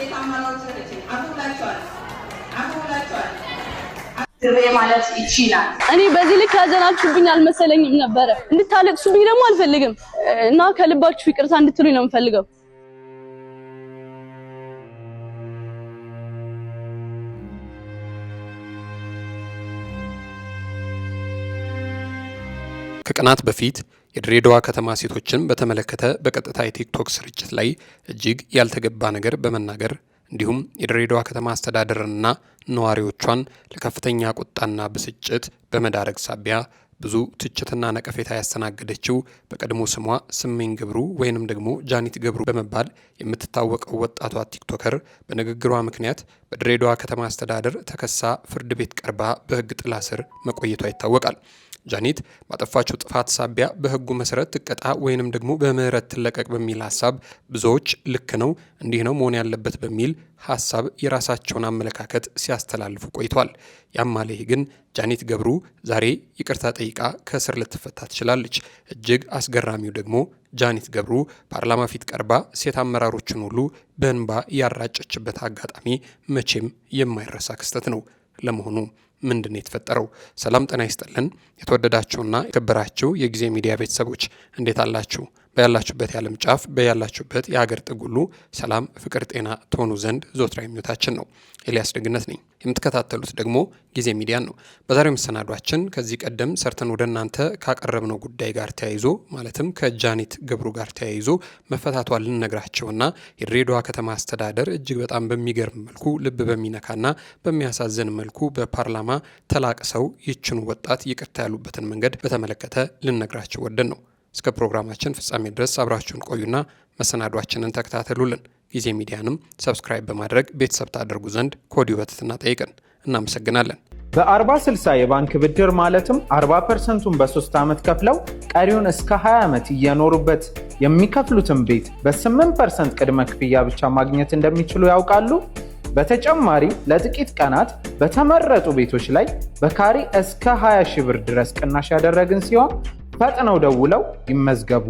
ሴታማናዎች ማለት ይችላል። እኔ በዚህ ልክ ያዘናችሁብኝ አልመሰለኝም ነበረ። እንድታለቅሱብኝ ደግሞ አልፈልግም እና ከልባችሁ ይቅርታ እንድትሉኝ ነው የምፈልገው። ከቀናት በፊት የድሬዳዋ ከተማ ሴቶችን በተመለከተ በቀጥታ የቲክቶክ ስርጭት ላይ እጅግ ያልተገባ ነገር በመናገር እንዲሁም የድሬዳዋ ከተማ አስተዳደርና ነዋሪዎቿን ለከፍተኛ ቁጣና ብስጭት በመዳረግ ሳቢያ ብዙ ትችትና ነቀፌታ ያስተናገደችው በቀድሞ ስሟ ስመኝ ገብሩ ወይንም ደግሞ ጃኒት ገብሩ በመባል የምትታወቀው ወጣቷ ቲክቶከር በንግግሯ ምክንያት በድሬዳዋ ከተማ አስተዳደር ተከሳ ፍርድ ቤት ቀርባ በሕግ ጥላ ስር መቆየቷ ይታወቃል። ጃኒት ባጠፋቸው ጥፋት ሳቢያ በህጉ መሰረት ትቀጣ ወይንም ደግሞ በምህረት ትለቀቅ በሚል ሀሳብ ብዙዎች ልክ ነው እንዲህ ነው መሆን ያለበት በሚል ሀሳብ የራሳቸውን አመለካከት ሲያስተላልፉ ቆይቷል። ያም ግን ጃኒት ገብሩ ዛሬ ይቅርታ ጠይቃ ከእስር ልትፈታ ትችላለች። እጅግ አስገራሚው ደግሞ ጃኒት ገብሩ ፓርላማ ፊት ቀርባ ሴት አመራሮችን ሁሉ በእንባ ያራጨችበት አጋጣሚ መቼም የማይረሳ ክስተት ነው። ለመሆኑ ምንድን ነው የተፈጠረው? ሰላም ጤና ይስጥልን የተወደዳችሁና የከበራችሁ የጊዜ ሚዲያ ቤተሰቦች እንዴት አላችሁ? በያላችሁበት የዓለም ጫፍ በያላችሁበት የሀገር ጥግ ሁሉ ሰላም፣ ፍቅር፣ ጤና ትሆኑ ዘንድ ዞትራ ምኞታችን ነው። ኤልያስ ደግነት ነኝ። የምትከታተሉት ደግሞ ጊዜ ሚዲያን ነው። በዛሬው መሰናዷችን ከዚህ ቀደም ሰርተን ወደ እናንተ ካቀረብነው ጉዳይ ጋር ተያይዞ ማለትም ከጃኒት ገብሩ ጋር ተያይዞ መፈታቷ ልንነግራቸውና የድሬዳዋ ከተማ አስተዳደር እጅግ በጣም በሚገርም መልኩ ልብ በሚነካና በሚያሳዝን መልኩ በፓርላማ ተላቅሰው ይችኑ ወጣት ይቅርታ ያሉበትን መንገድ በተመለከተ ልንነግራቸው ወደን ነው። እስከ ፕሮግራማችን ፍጻሜ ድረስ አብራችሁን ቆዩና መሰናዷችንን ተከታተሉልን። ጊዜ ሚዲያንም ሰብስክራይብ በማድረግ ቤተሰብ ታደርጉ ዘንድ ኮዲ በትህትና ጠይቅን። እናመሰግናለን። በ40/60 የባንክ ብድር ማለትም 40 ፐርሰንቱን በ3 ዓመት ከፍለው ቀሪውን እስከ 20 ዓመት እየኖሩበት የሚከፍሉትን ቤት በ8 ፐርሰንት ቅድመ ክፍያ ብቻ ማግኘት እንደሚችሉ ያውቃሉ? በተጨማሪም ለጥቂት ቀናት በተመረጡ ቤቶች ላይ በካሪ እስከ 20 ሺህ ብር ድረስ ቅናሽ ያደረግን ሲሆን ፈጥነው ደውለው ይመዝገቡ።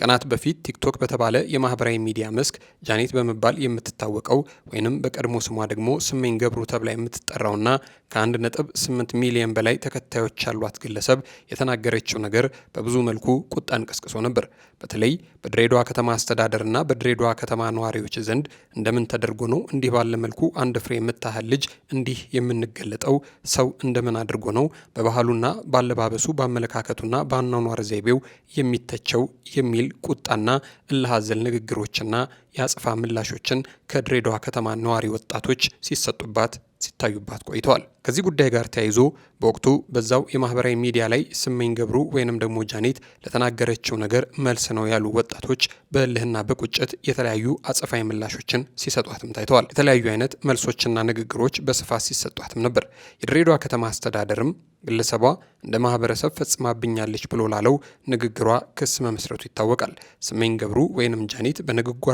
ከቀናት በፊት ቲክቶክ በተባለ የማህበራዊ ሚዲያ መስክ ጃኔት በመባል የምትታወቀው ወይንም በቀድሞ ስሟ ደግሞ ስመኝ ገብሩ ተብላ የምትጠራውና ከ1.8 ሚሊዮን በላይ ተከታዮች ያሏት ግለሰብ የተናገረችው ነገር በብዙ መልኩ ቁጣን ቀስቅሶ ነበር። በተለይ በድሬዳዋ ከተማ አስተዳደርና በድሬዳዋ ከተማ ነዋሪዎች ዘንድ እንደምን ተደርጎ ነው እንዲህ ባለ መልኩ አንድ ፍሬ የምታህል ልጅ እንዲህ የምንገለጠው? ሰው እንደምን አድርጎ ነው በባህሉና ባለባበሱ፣ በአመለካከቱና በአኗኗር ዘይቤው የሚተቸው የሚል ቁጣና እልህ አዘል ንግግሮችና የአጽፋ ምላሾችን ከድሬዳዋ ከተማ ነዋሪ ወጣቶች ሲሰጡባት ሲታዩባት ቆይተዋል። ከዚህ ጉዳይ ጋር ተያይዞ በወቅቱ በዛው የማህበራዊ ሚዲያ ላይ ስመኝ ገብሩ ወይንም ደግሞ ጃኔት ለተናገረችው ነገር መልስ ነው ያሉ ወጣቶች በእልህና በቁጭት የተለያዩ አጽፋዊ ምላሾችን ሲሰጧትም ታይተዋል። የተለያዩ አይነት መልሶችና ንግግሮች በስፋት ሲሰጧትም ነበር። የድሬዳዋ ከተማ አስተዳደርም ግለሰቧ እንደ ማህበረሰብ ፈጽማብኛለች ብሎ ላለው ንግግሯ ክስ መመስረቱ ይታወቃል። ስመኝ ገብሩ ወይንም ጃኔት በንግግሯ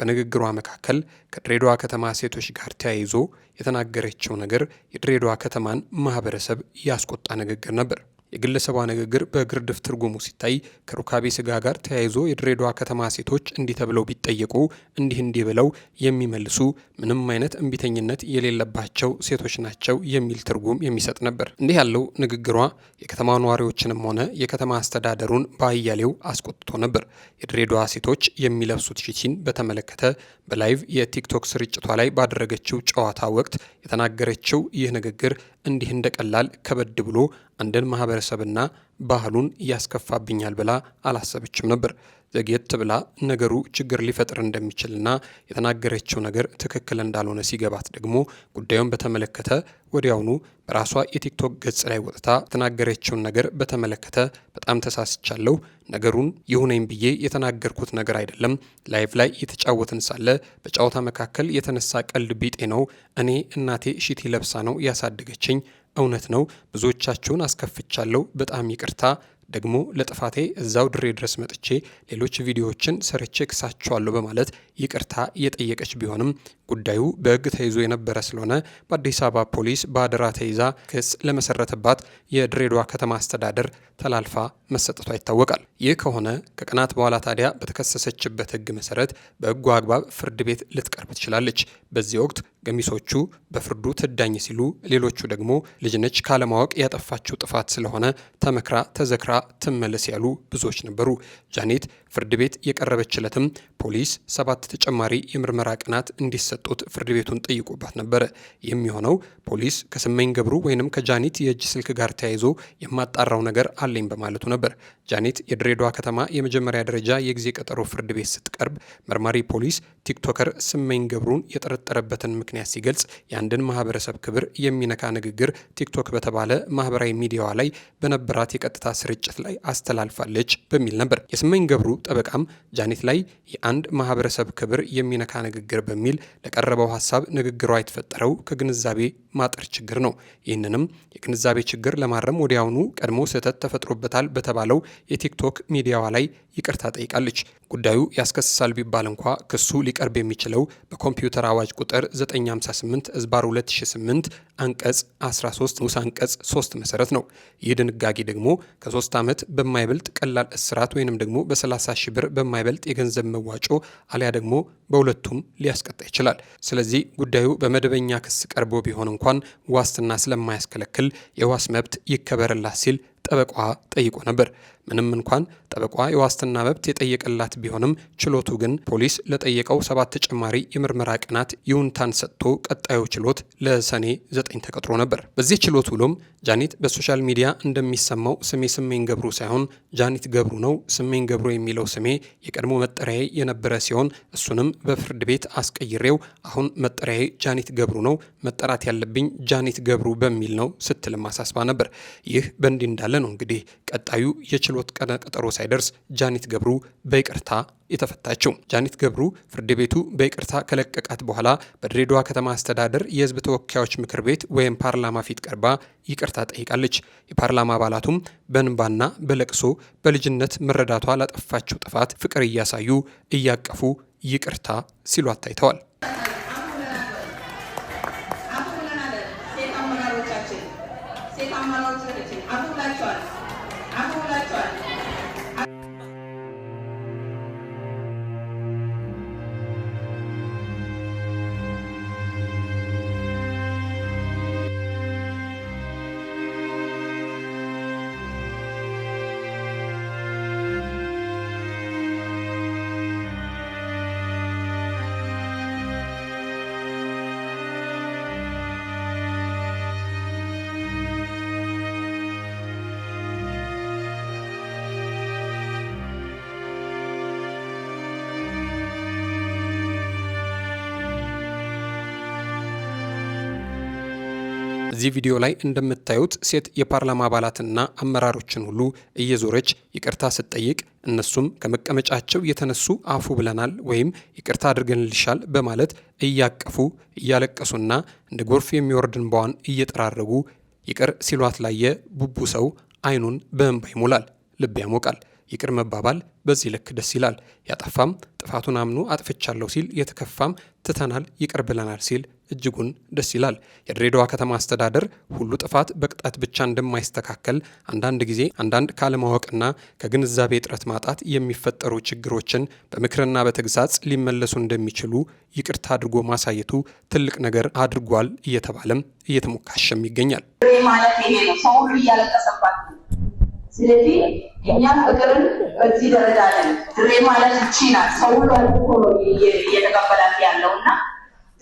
በንግግሯ መካከል ከድሬዳዋ ከተማ ሴቶች ጋር ተያይዞ የተናገረችው ነገር የድሬዳዋ ከተማን ማህበረሰብ ያስቆጣ ንግግር ነበር። የግለሰቧ ንግግር በግርድፍ ትርጉሙ ሲታይ ከሩካቤ ስጋ ጋር ተያይዞ የድሬዳዋ ከተማ ሴቶች እንዲህ ተብለው ቢጠየቁ እንዲህ እንዲህ ብለው የሚመልሱ ምንም አይነት እምቢተኝነት የሌለባቸው ሴቶች ናቸው የሚል ትርጉም የሚሰጥ ነበር። እንዲህ ያለው ንግግሯ የከተማ ነዋሪዎችንም ሆነ የከተማ አስተዳደሩን በአያሌው አስቆጥቶ ነበር። የድሬዳዋ ሴቶች የሚለብሱት ሺቲን በተመለከተ በላይቭ የቲክቶክ ስርጭቷ ላይ ባደረገችው ጨዋታ ወቅት የተናገረችው ይህ ንግግር እንዲህ እንደ ቀላል ከበድ ብሎ አንድን ማህበረሰብና ባህሉን ያስከፋብኛል ብላ አላሰበችም ነበር። ዘግየት ብላ ነገሩ ችግር ሊፈጥር እንደሚችልና የተናገረችው ነገር ትክክል እንዳልሆነ ሲገባት ደግሞ ጉዳዩን በተመለከተ ወዲያውኑ በራሷ የቲክቶክ ገጽ ላይ ወጥታ የተናገረችውን ነገር በተመለከተ በጣም ተሳስቻለሁ፣ ነገሩን ይሁነኝ ብዬ የተናገርኩት ነገር አይደለም። ላይቭ ላይ የተጫወትን ሳለ በጨዋታ መካከል የተነሳ ቀልድ ቢጤ ነው። እኔ እናቴ ሺቲ ለብሳ ነው ያሳደገችኝ እውነት ነው ብዙዎቻችሁን አስከፍቻለሁ፣ በጣም ይቅርታ ደግሞ ለጥፋቴ እዛው ድሬ ድረስ መጥቼ ሌሎች ቪዲዮዎችን ሰርቼ ክሳችኋለሁ በማለት ይቅርታ እየጠየቀች ቢሆንም ጉዳዩ በሕግ ተይዞ የነበረ ስለሆነ በአዲስ አበባ ፖሊስ በአደራ ተይዛ ክስ ለመሰረተባት የድሬዳዋ ከተማ አስተዳደር ተላልፋ መሰጠቷ ይታወቃል። ይህ ከሆነ ከቀናት በኋላ ታዲያ በተከሰሰችበት ሕግ መሰረት በሕጉ አግባብ ፍርድ ቤት ልትቀርብ ትችላለች። በዚህ ወቅት ገሚሶቹ በፍርዱ ትዳኝ ሲሉ፣ ሌሎቹ ደግሞ ልጅነች ካለማወቅ ያጠፋችው ጥፋት ስለሆነ ተመክራ ተዘክራ ትመለስ ያሉ ብዙዎች ነበሩ። ጃኔት ፍርድ ቤት የቀረበችለትም ፖሊስ ሰባት ተጨማሪ የምርመራ ቀናት እንዲሰጡት ፍርድ ቤቱን ጠይቆባት ነበር የሚሆነው ፖሊስ ከስመኝ ገብሩ ወይንም ከጃኔት የእጅ ስልክ ጋር ተያይዞ የማጣራው ነገር አለኝ በማለቱ ነበር። ጃኔት የድሬዳዋ ከተማ የመጀመሪያ ደረጃ የጊዜ ቀጠሮ ፍርድ ቤት ስትቀርብ መርማሪ ፖሊስ ቲክቶከር ስመኝ ገብሩን የጠረጠረበትን ምክንያት ምክንያት ሲገልጽ የአንድን ማህበረሰብ ክብር የሚነካ ንግግር ቲክቶክ በተባለ ማህበራዊ ሚዲያዋ ላይ በነበራት የቀጥታ ስርጭት ላይ አስተላልፋለች በሚል ነበር። የስመኝ ገብሩ ጠበቃም ጃኔት ላይ የአንድ ማህበረሰብ ክብር የሚነካ ንግግር በሚል ለቀረበው ሀሳብ ንግግሯ የተፈጠረው ከግንዛቤ ማጠር ችግር ነው። ይህንንም የግንዛቤ ችግር ለማረም ወዲያውኑ ቀድሞ ስህተት ተፈጥሮበታል በተባለው የቲክቶክ ሚዲያዋ ላይ ይቅርታ ጠይቃለች። ጉዳዩ ያስከስሳል ቢባል እንኳ ክሱ ሊቀርብ የሚችለው በኮምፒውተር አዋጅ ቁጥር 958 እዝባር 2008 አንቀጽ 13 ንዑስ አንቀጽ 3 መሰረት ነው። ይህ ድንጋጌ ደግሞ ከ3 ዓመት በማይበልጥ ቀላል እስራት ወይንም ደግሞ በ30 ሺህ ብር በማይበልጥ የገንዘብ መዋጮ አሊያ ደግሞ በሁለቱም ሊያስቀጣ ይችላል። ስለዚህ ጉዳዩ በመደበኛ ክስ ቀርቦ ቢሆን እንኳን ዋስትና ስለማያስከለክል የዋስ መብት ይከበርላት ሲል ጠበቋ ጠይቆ ነበር። ምንም እንኳን ጠበቋ የዋስትና መብት የጠየቀላት ቢሆንም ችሎቱ ግን ፖሊስ ለጠየቀው ሰባት ተጨማሪ የምርመራ ቀናት ይሁንታን ሰጥቶ ቀጣዩ ችሎት ለሰኔ ዘጠኝ ተቀጥሮ ነበር። በዚህ ችሎት ውሎም ጃኒት በሶሻል ሚዲያ እንደሚሰማው ስሜ ስሜን ገብሩ ሳይሆን ጃኒት ገብሩ ነው። ስሜን ገብሩ የሚለው ስሜ የቀድሞ መጠሪያ የነበረ ሲሆን እሱንም በፍርድ ቤት አስቀይሬው አሁን መጠሪያ ጃኒት ገብሩ ነው፣ መጠራት ያለብኝ ጃኒት ገብሩ በሚል ነው ስትልም አሳስባ ነበር። ይህ በእንዲህ እንዳለ ነው እንግዲህ ቀጣዩ የችሎ የችሎት ቀነ ቀጠሮ ሳይደርስ ጃኒት ገብሩ በይቅርታ የተፈታችው። ጃኒት ገብሩ ፍርድ ቤቱ በይቅርታ ከለቀቃት በኋላ በድሬዳዋ ከተማ አስተዳደር የህዝብ ተወካዮች ምክር ቤት ወይም ፓርላማ ፊት ቀርባ ይቅርታ ጠይቃለች። የፓርላማ አባላቱም በእንባና በለቅሶ በልጅነት መረዳቷ ላጠፋችው ጥፋት ፍቅር እያሳዩ እያቀፉ ይቅርታ ሲሉ አታይተዋል። ሴት አመራሮቻችን ሴት አመራሮቻችን እዚህ ቪዲዮ ላይ እንደምታዩት ሴት የፓርላማ አባላትና አመራሮችን ሁሉ እየዞረች ይቅርታ ስትጠይቅ እነሱም ከመቀመጫቸው የተነሱ አፉ ብለናል ወይም ይቅርታ አድርገንልሻል በማለት እያቀፉ እያለቀሱና እንደ ጎርፍ የሚወርድ እንባዋን እየጠራረጉ ይቅር ሲሏት ላየ ቡቡ ሰው አይኑን በእንባ ይሞላል፣ ልብ ያሞቃል። ይቅር መባባል በዚህ ልክ ደስ ይላል። ያጠፋም ጥፋቱን አምኖ አጥፍቻለሁ ሲል፣ የተከፋም ትተናል ይቅር ብለናል ሲል እጅጉን ደስ ይላል። የድሬዳዋ ከተማ አስተዳደር ሁሉ ጥፋት በቅጣት ብቻ እንደማይስተካከል አንዳንድ ጊዜ አንዳንድ ካለማወቅና ከግንዛቤ እጥረት ማጣት የሚፈጠሩ ችግሮችን በምክርና በተግሳጽ ሊመለሱ እንደሚችሉ ይቅርታ አድርጎ ማሳየቱ ትልቅ ነገር አድርጓል እየተባለም እየተሞካሸም ይገኛል። ስለዚህ እኛ ፍቅርን በዚህ ደረጃ ድሬ ማለት እቺ ናት። ሰው ሁሉ እየተቀበላት ያለው እና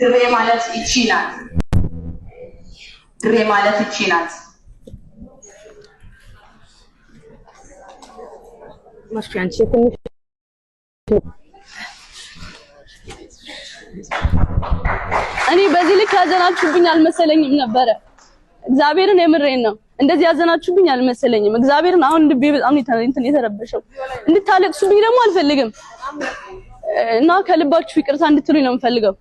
ድሬ ማለት እቺ ናት። ድሬ ማለት እቺ ናት። እኔ በዚህ ልክ ያዘናችሁብኝ አልመሰለኝም ነበረ። እግዚአብሔርን የምሬን ነው። እንደዚህ ያዘናችሁብኝ አልመሰለኝም። እግዚአብሔርን አሁን ልቤ በጣም እንትን የተረበሸው። እንድታለቅሱብኝ ደግሞ አልፈልግም እና ከልባችሁ ይቅርታ እንድትሉኝ ነው የምፈልገው።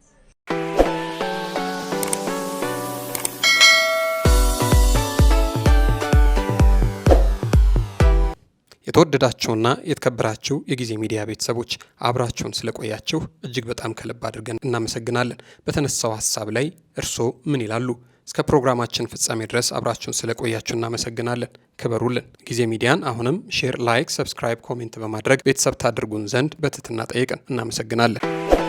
የተወደዳችሁና የተከበራችሁ የጊዜ ሚዲያ ቤተሰቦች አብራችሁን ስለቆያችሁ እጅግ በጣም ከልብ አድርገን እናመሰግናለን። በተነሳው ሀሳብ ላይ እርስዎ ምን ይላሉ? እስከ ፕሮግራማችን ፍጻሜ ድረስ አብራችሁን ስለቆያችሁ እናመሰግናለን። ክበሩልን። ጊዜ ሚዲያን አሁንም ሼር፣ ላይክ፣ ሰብስክራይብ፣ ኮሜንት በማድረግ ቤተሰብ ታድርጉን ዘንድ በትህትና ጠይቀን እናመሰግናለን።